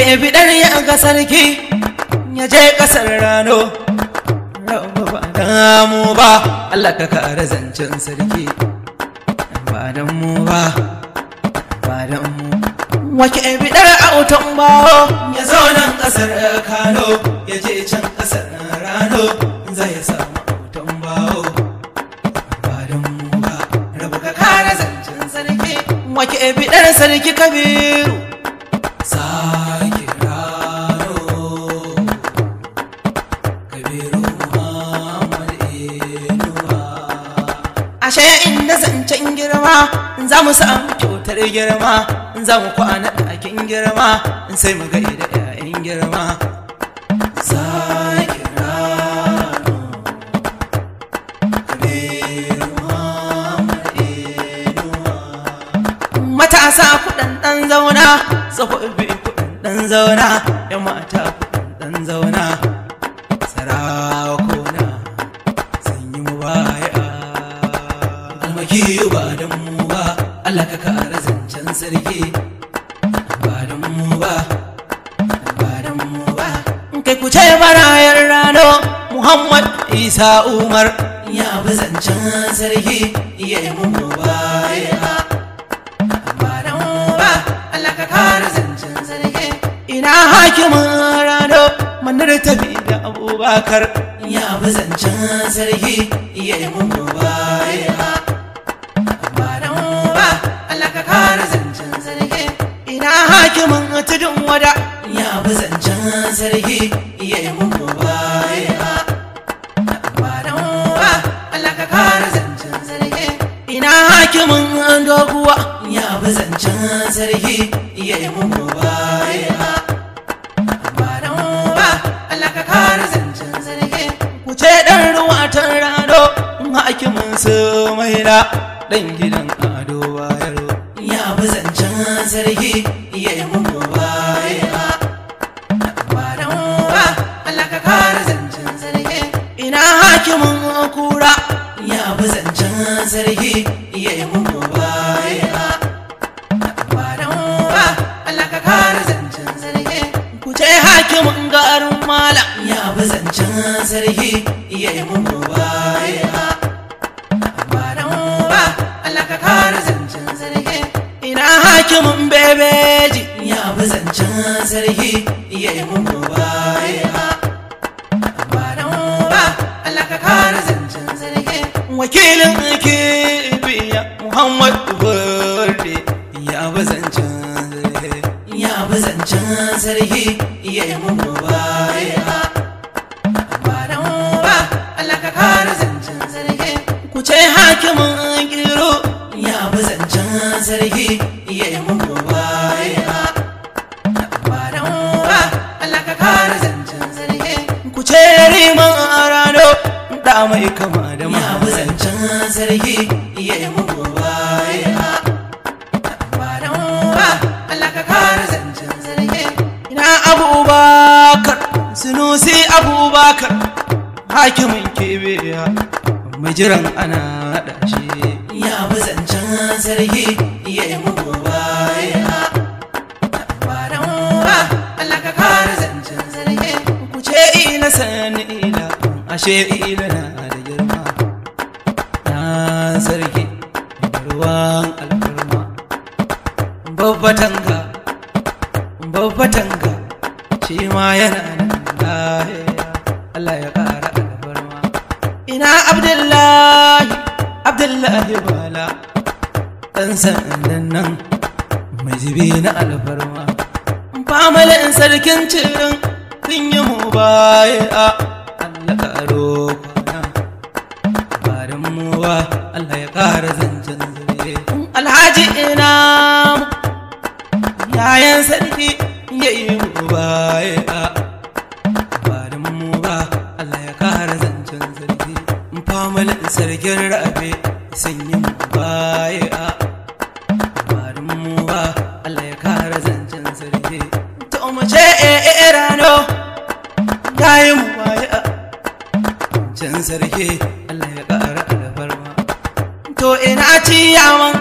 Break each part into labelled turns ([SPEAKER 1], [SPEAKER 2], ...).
[SPEAKER 1] ke bidar yan ga sarki ya je ƙasar rano rabu ba mu ba Allah ka kare zancen sarki ba dan mu ba ba dan mu wake bidar autan bawo ya zo nan ƙasar Kano ya je can ƙasar rano zai samu autan bawo ba dan mu ba rabu ka kare zancen sarki wake bidar sarki kabiru za mu sa kyautar girma za mu kwana ɗakin girma sai mu gaida da 'ya'yan girma matasa kuɗin ɗan zauna tsohon kuɗin ɗan zauna yan mata kai ku ce marayar rano muhammad isa umar ya bi zancen sarki ya yi mun baya ba don ba allah ka kare zancen sarki ina hakimin rano manar tabi da abubakar ya bi zancen sarki ya yi mun baya ba don ba allah ka kare zancen sarki ina hakimin tudun wada ya bi zancen sarki ya yi muku baya ba Allah ka kara zancen sarki ina hakimin doguwa ya bi zancen sarki ya yi muku baya ba Allah ka kara zancen sarki ku ce ɗan ruwa tan rado hakimin su da ɗan gidan ado bayarwa ya bi zancen sarki abu zancen zargi ya yi mun baya ba dan ba Allah ka kare zancen zargi ku ce hakimin garin malam ya abu zancen zargi ya yi mun baya ba dan ba Allah ka kare zancen zargi ina hakimin bebeji ya abu zancen zargi ya yi mun baya wakilin kibiya muhammad burde ya bazancin ya bazancin sarki ya yi mun baya ba dan ba Allah ka kara zancin sarki ku ce hakimin giro ya bazancin sarki abubakar hakimin kebeya mai jiran ana haɗa shi ya zancen sarki ya yi muku baya na sani ila ashe ila na da girma na sarki ruwan alfarma babbatanga babbatanga shi ma yana nan lahiya Allah ya ƙara albarma ina abdullahi abdullahi bala ɗan sandan nan mai jibi na albarma famalin sarkin cirin sun yi mu baya Allah ƙaro kwana barin ba Allah ya ƙara zancen zure alhaji ina yayan sarki ya yi mu baya sarkin rabe sun yi baya barin mu ba Allah ya kara zancen sarki to mu ce eh, eh, eh rano tayi mu a. zancen sarki Allah ya kara albarma to ina ciyaman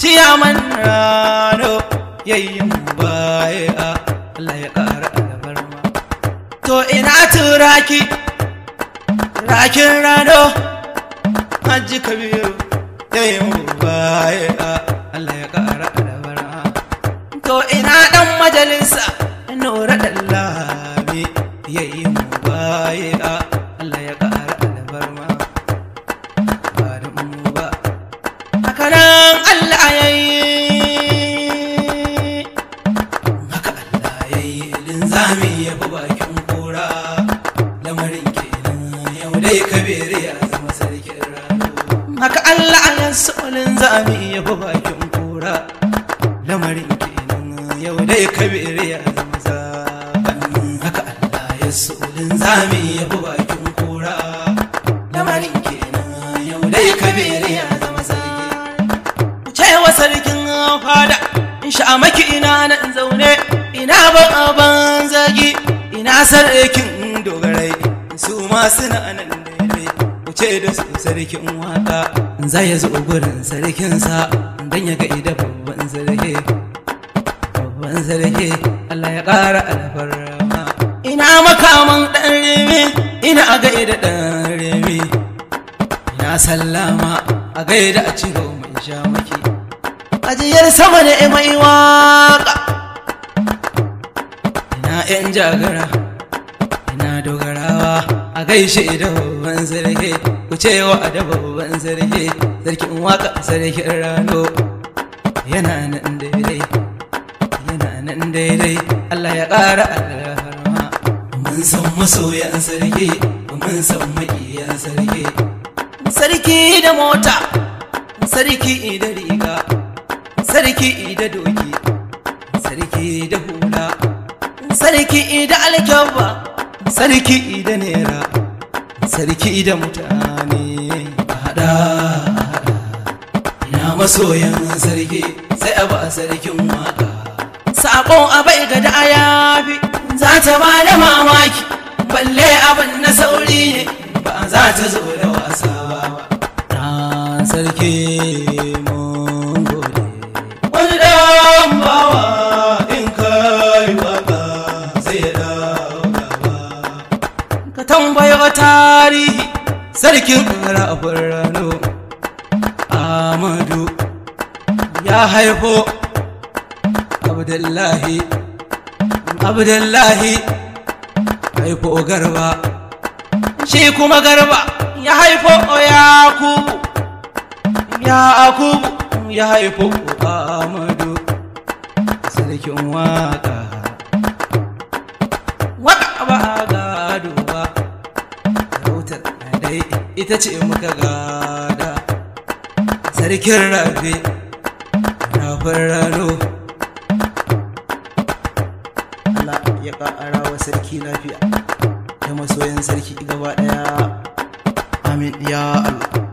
[SPEAKER 1] ciyaman rano yayi mu baya Allah ya kara albarma to ina turaki rakin rano hajji kabiru yayin baye Allah ya ƙara alabara to ina dan majalisa nura dallami yayin baye Allah ya ƙara albarma ba da mu ba haka nan Allah yayi haka Allah yayi linzami ya bakin kura lamarin kenan yaudai dai haka Allah ya solin zami ya fi bakin kura lamarin kenan yau dai kabir ya zama zaɓan haka Allah ya solin zami ya fi bakin kura lamarin kenan yau dai kabir ya zama ce wa sarkin fada in sha maki ina nan zaune ina ban ban zagi ina sarkin dogarai su ma suna nan wuce da sarkin waka za ya zo gurin sarkinsa Dan ya ga ida babban sarki babban sarki Allah ya ƙara alfarma ina makaman ɗan reme ina a gaida ɗan reme ya sallama a gaida a ci gaba mai sha maki ajiyar sama ne mai waka ina 'yan jagara ina dogarawa a gaishe da babban sarki ku ce wa da babban sarki sarkin waka sarkin rano yana nan daidai yana nan daidai Allah ya ƙara alharma mun san masoyan sarki mun san maƙiyan sarki sarki da mota sarki da riga sarki da doki sarki da hula sarki da alkyabba sarki da nera sarki da mutane a hada na masoyan sarki sai a ba sarkin waka sakon abai ga da ayafi za ta ba da mamaki balle abin na sauri ne ba za ta zo da wasa ba sarki zama tarihi sarkin rafin rano amadu ya haifo abdullahi abdullahi haifo garba shi kuma garba ya haifo ya yakubu ya haifo amadu sarkin waka ita ce muka gada sarkin rabe na rano Allah ya ƙara wa sarki lafiya da masoyan sarki gaba ɗaya amin ya Allah